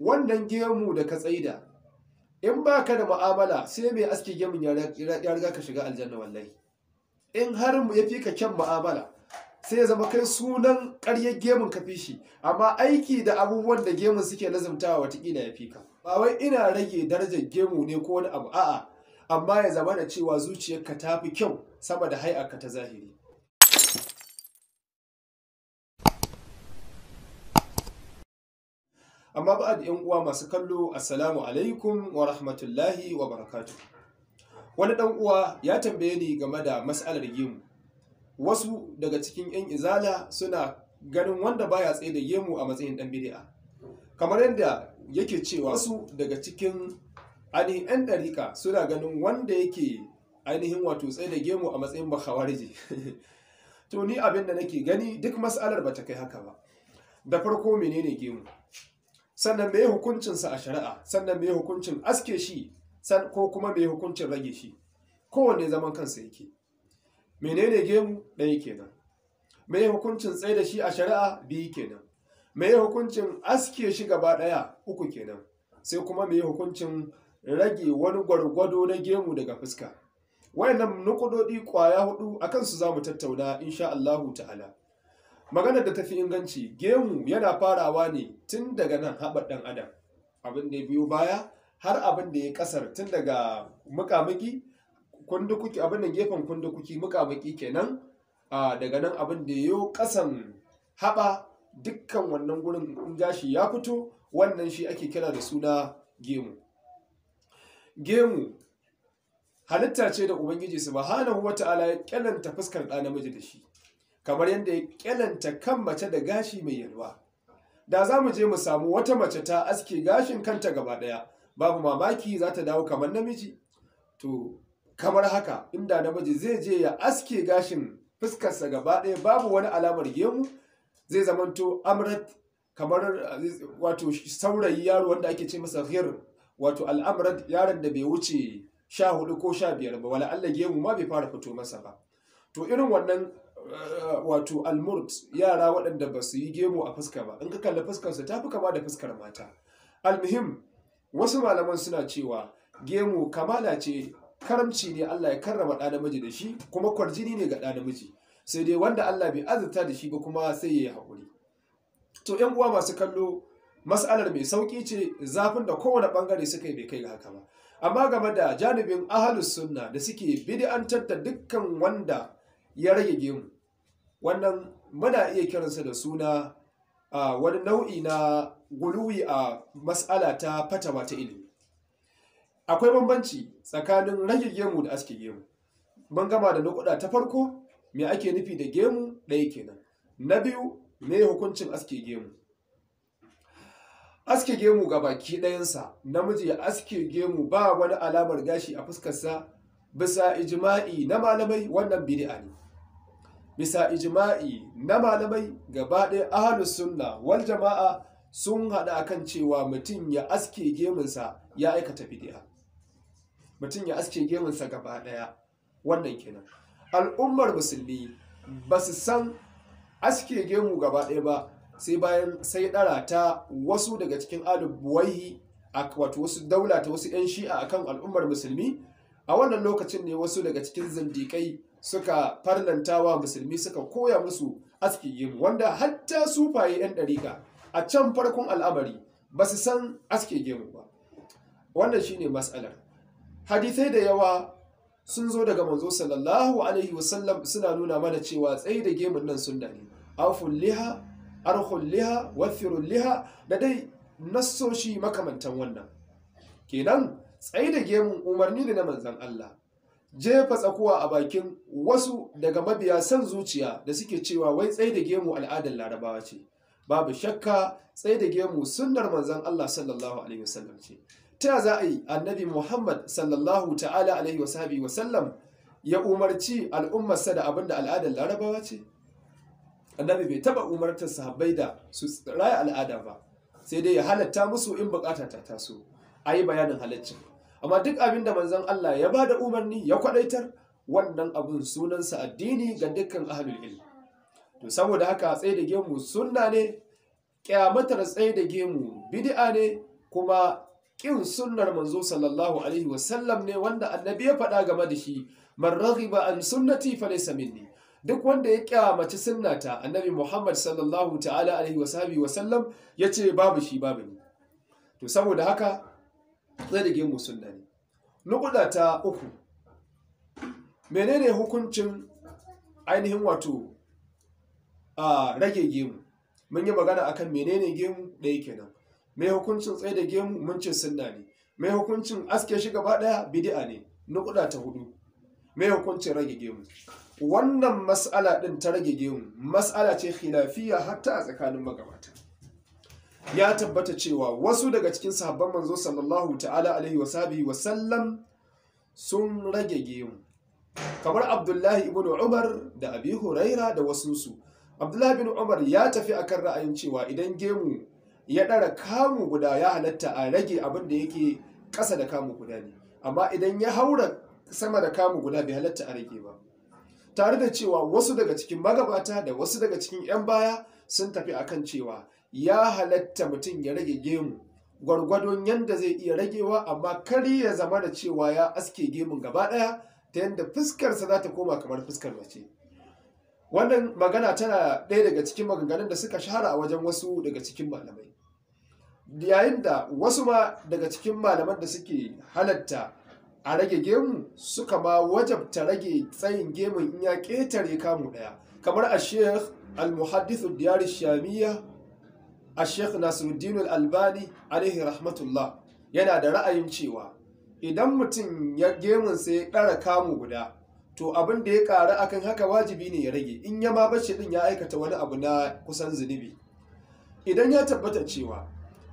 wannan gemu da ka tsaida in ba ka da ma'amala sai mai aski gemun ya riga ka shiga aljanna wallahi in har mu ya fi ka kyan ma'amala sai ya zama kai sunan ƙaryar gemun ka fi shi amma aiki da abubuwan da gemun suke lazumtawa watakila ya fi ka ba wai ina rage darajar gemu ne ko wani abu a'a amma ya zama da cewa zuciyarka ta fi kyau sama da hai'arka ta zahiri amma ba da yan uwa masu kallo assalamu alaikum wa rahmatullahi wa barakatu wani dan uwa ya tambaye ni game da mas'alar gemu wasu daga cikin yan izala suna ganin wanda baya tsaye da gemu a matsayin dan bid'a kamar yadda yake cewa wasu daga cikin ainihin yan dariƙa suna ganin wanda yake ainihin wato tsaye da gemu a matsayin bakhawarji to ni abin da nake gani duk mas'alar ba ta kai haka ba da farko menene gemu sannan me hukuncinsa a shari'a sannan me hukuncin aske shi ko kuma me hukuncin rage shi Kowane zaman kansa yake menene gemu ɗaya kenan me hukuncin tsaye da shi a shari'a biyu kenan me hukuncin aske shi gaba ɗaya uku kenan sai kuma me hukuncin rage wani gwargwado na gemu daga fuska wayannan nukudodi kwaya hudu akan su za mu tattauna insha Allahu ta'ala maganar da ta fi inganci gemu yana farawa ne tun daga nan haɓar ɗan adam abin da ya biyo baya har abin da ya ƙasar tun daga mukamuki kundukuki abin da gefen kundukuki mukamuki kenan daga nan abin da ya yi ƙasan haɓa dukkan wannan gurin in gashi ya fito wannan shi ake kira da suna gemu gemu halitta ce da ubangiji subhanahu wata'ala ya kyananta fuskar ɗa namiji da shi kamar yadda ya kyalanta kan mace da gashi mai yalwa da za mu je mu samu wata mace ta aske gashin kanta gaba ɗaya babu mamaki za ta dawo kamar namiji to kamar haka inda namiji zai je ya aske gashin fuskarsa gaba ɗaya babu wani alamar gemu zai zamanto amrat kamar wato saurayi yaro wanda ake ce masa ghir wato al'amrat yaron da bai wuce sha hudu ko sha biyar ba wala Allah gemu ma bai fara fito masa ba to irin wannan Eh, wato almurt yara waɗanda ba su yi gemu a fuska ba in ka kalli fuskarsu ta fi kama da fuskar mata almuhim wasu malaman suna cewa gemu kamala ce karamci ne Allah ya karrama ɗa namiji da shi kuma kwarjini ne ga ɗa namiji sai dai wanda Allah bai azurta da shi ba kuma sai ya yi haƙuri to 'yan uwa masu kallo mas'alar mai sauƙi ce zafin da kowane bangare suka yi bai kai ga haka ba amma game da janibin ahalus sunna da suke bid'antar da dukkan wanda ya rage gemu wannan muna iya kiransa da suna a wani nau'i na guluwi a mas'ala ta fatawa ta ilimi akwai bambanci tsakanin rage gemu da aske gemu mun gama da nukuda ta farko me ake nufi da gemu ɗaya kenan na biyu me hukuncin aske gemu aske gemu ga baki ɗayansa namiji ya aske gemu ba wani alamar gashi a fuskarsa bisa ijima'i na malamai wannan bidi'a ne bisa ijima'i na malamai gaba ɗaya ahalus sunna wal jama'a sun haɗa akan cewa mutum ya aske gemunsa ya aikata bid'a mutum ya aske gemunsa gaba ɗaya wannan kenan al'ummar musulmi ba su san aske gemu gaba ɗaya ba sai bayan sai ɗara ta wasu daga cikin alubuwai wato wasu daula ta wasu 'yan shi'a akan al'ummar musulmi a wannan lokacin ne wasu daga cikin zindiƙai suka farlanta musulmi suka koya musu aski gemu wanda hatta sufaye 'yan ɗarika a can farkon al'amari ba su san aski gemu ba wannan shi ne matsalar hadithai da yawa sun zo daga manzo sallallahu alaihi wasallam suna nuna mana cewa tsayi da gemun nan sunna ne afun liha arhun liha wathirul liha da dai nassoshi makamantan wannan kenan tsayi da gemun umarni da na manzan Allah jefa tsakuwa a bakin wasu daga mabiya san zuciya da suke cewa wai tsaye da gemu al'adar larabawa ce babu shakka tsaye da gemu sunnar manzon Allah sallallahu alaihi wasallam ce ta za a yi annabi Muhammad sallallahu ta'ala alaihi wasabi wasallam ya umarci al'ummarsa da abinda al'adar larabawa ce annabi bai taba umartar sahabbai da su raya al'ada ba sai dai ya halatta musu in bukata ta taso a yi bayanin halaccin amma duk abin da manzon Allah ya ba da umarni ya kwadaitar wannan abun sunansa addini ga dukkan ahlul ilm to saboda haka tsaye da gemu sunna ne kyamatar tsaye da gemu bid'a ne kuma kin sunnar manzo sallallahu alaihi wasallam ne wanda annabi ya faɗa game da shi man raghiba an sunnati falaysa minni duk wanda ya kyamaci sunnata annabi Muhammad sallallahu ta'ala alaihi wasallam yace babu shi babu ni to saboda haka tsarige sun ne nukuda ta uku menene hukuncin ainihin wato a rage gemu mun yi magana a kan menene gemu ɗaya kenan mai hukuncin tsaye da gemu mun ce sunna ne mai hukuncin aske shi gaba ɗaya bidi'a ne nukuda ta hudu mai hukuncin rage gemu wannan mas'ala ɗin ta rage gemu mas'ala ce khilafiya hatta a tsakanin magabata ya tabbata cewa wasu daga cikin sahabban manzo sallallahu ta'ala alaihi wa wasallam sun rage gemu kamar abdullahi ibn umar da abi huraira da wasunsu abdullahi ibn umar ya tafi akan ra'ayin cewa idan gemu ya ɗara kamu guda ya halatta a rage abin da yake ƙasa da kamu guda ne amma idan ya haura sama da kamu guda bai halatta a rage ba tare da cewa wasu daga cikin magabata da wasu daga cikin 'yan baya sun tafi akan cewa ya halatta mutum ya rage gemu gwargwadon yadda zai iya ragewa amma kari ya zama da cewa ya aske gemun gaba ɗaya ta yadda fuskarsa za ta koma kamar fuskar mace wannan magana tana ɗaya daga cikin maganganun da suka shahara a wajen wasu daga cikin malamai yayin da wasu ma daga cikin malaman da suke halatta a rage gemu suka ma wajabta rage tsayin gemun in ya ƙetare kamu ɗaya kamar a sheikh al-muhaddithu diyar shamiyya a sheikh nasiruddin albani alaihi rahmatullah yana da ra'ayin cewa idan mutum ya sa ya ƙara kamu guda to abin da ya ƙara akan haka wajibi ne ya rage in ya ma bace din ya aikata wani abu na kusan zunubi idan ya tabbata cewa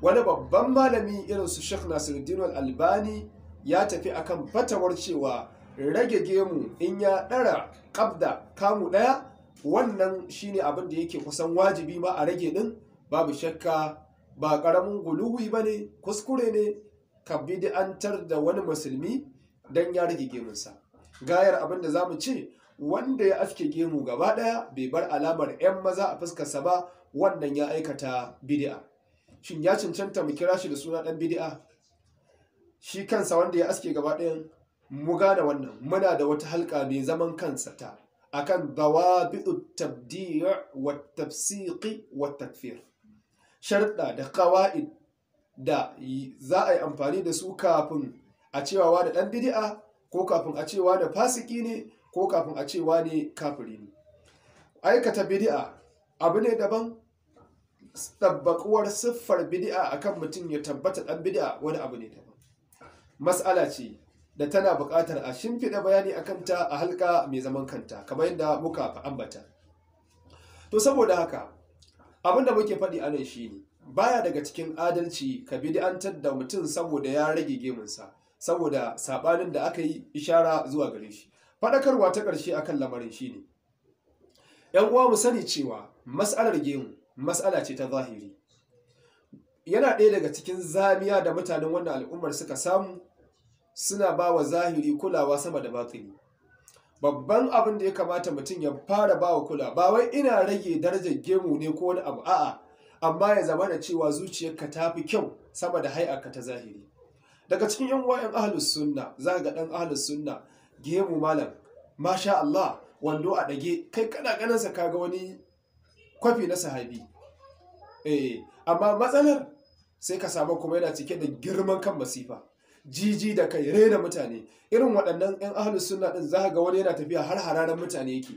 wani babban malami irin su sheikh nasiruddin albani ya tafi akan fatawar cewa rage gemu in ya ɗara ƙabda kamu ɗaya wannan shine abin da yake kusan wajibi ma a rage din. babu shakka ba ƙaramin guluwi ba ne kuskure ne ka bid'antar da wani musulmi don ya rage gemunsa gayar abin da za mu ce wanda ya aske gemu gaba ɗaya bai bar alamar 'yan maza a fuskarsa ba wannan ya aikata bidi'a. shin ya cancanta mu kira shi da suna ɗan bidi'a? shi kansa wanda ya aske gaba ɗayan mu gane wannan muna da wata halka mai zaman kansa ta akan dawabi'ut tabdi' wa tafsiqi wa takfir sharɗa da kawa'id da za a yi amfani da su kafin a cewa da ɗan bidi'a ko kafin a cewa da fasiki ne ko kafin a cewa ne kafiri ne aikata bidi'a abu ne daban tabbakuwar siffar bidi'a akan mutum ya tabbata ɗan bidi'a wani abu ne daban mas'ala ce da tana buƙatar a shimfiɗa bayani a kanta a halka mai zaman kanta kamar yadda muka ambata to saboda haka abinda muke faɗi anan shi ne baya daga cikin adalci ka da'antar da mutum saboda ya rage gemunsa saboda saɓanin da aka yi ishara zuwa gare shi faɗakarwa ta ƙarshe a kan lamarin shi ne ‘yan uwa mu sani cewa matsalar gemu matsala ce ta zahiri yana ɗaya daga cikin zamiya da mutanen wannan al'ummar suka samu suna ba wa zahiri kulawa sama da batini babban abin da ya kamata mutum ya fara bawa kula ba wai ina rage darajar gemu ne ko wani abu a'a amma ya zama da cewa zuciyarka ta fi kyau sama da hai'arka ta zahiri daga cikin yan wa'in ahlus sunna za ga dan ahlus sunna gemu malam masha Allah wando a dage kai kana ganin sa kaga wani kwafi na sahabi eh amma matsalar sai ka samu kuma yana cike da girman kan masifa jiji da kai rena mutane irin waɗannan 'yan ahalus sunna ɗin za ga wani yana tafiya har hararen mutane yake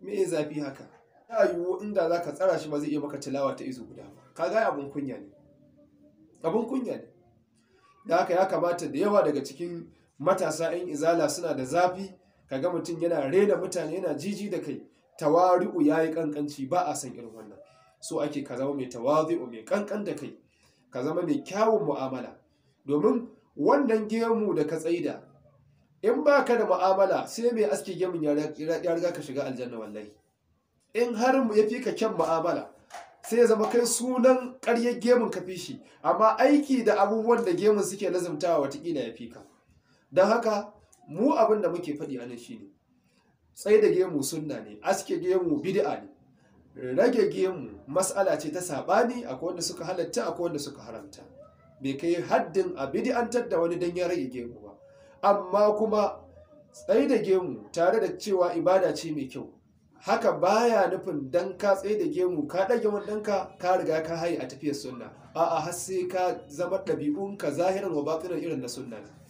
me zafi haka ta yiwu inda za ka tsara shi ba zai iya maka tilawa ta izu guda ba ka ga abin kunya ne abin kunya ne da haka ya kamata da yawa daga cikin matasa 'yan izala suna da zafi ka kaga mutum yana rena mutane yana jiji da kai tawari'u ya yi kankanci ba a san irin wannan so ake ka zama mai tawazi'u mai kankan da kai ka zama mai kyawun mu'amala domin wannan gemu da ka tsaida in ba ka da ma'amala sai mai aske gemun ya riga ka shiga aljanna wallahi in har mu fi ka kyan ma'amala sai ya zama kai sunan ƙaryar gemun ka fi shi amma aiki da abubuwan da gemun suke lazumtawa watakila ya fi ka don haka mu abin da muke faɗi anan nan shi ne tsaye da gemu sunna ne aske gemu bidi'a ne rage gemu mas'ala ce ta saɓani akwai wanda suka halatta akwai wanda suka haramta bai kai haddin a an da wani dan ya rage gemu ba amma kuma tsaye da gemu tare da cewa ibada ce mai kyau haka baya nufin dan ka tsaye da gemu ka ɗage wandonka ka riga ka hayi a tafiyar sunna a'a har sai ka zama ka zahiran wa batinan irin na sunna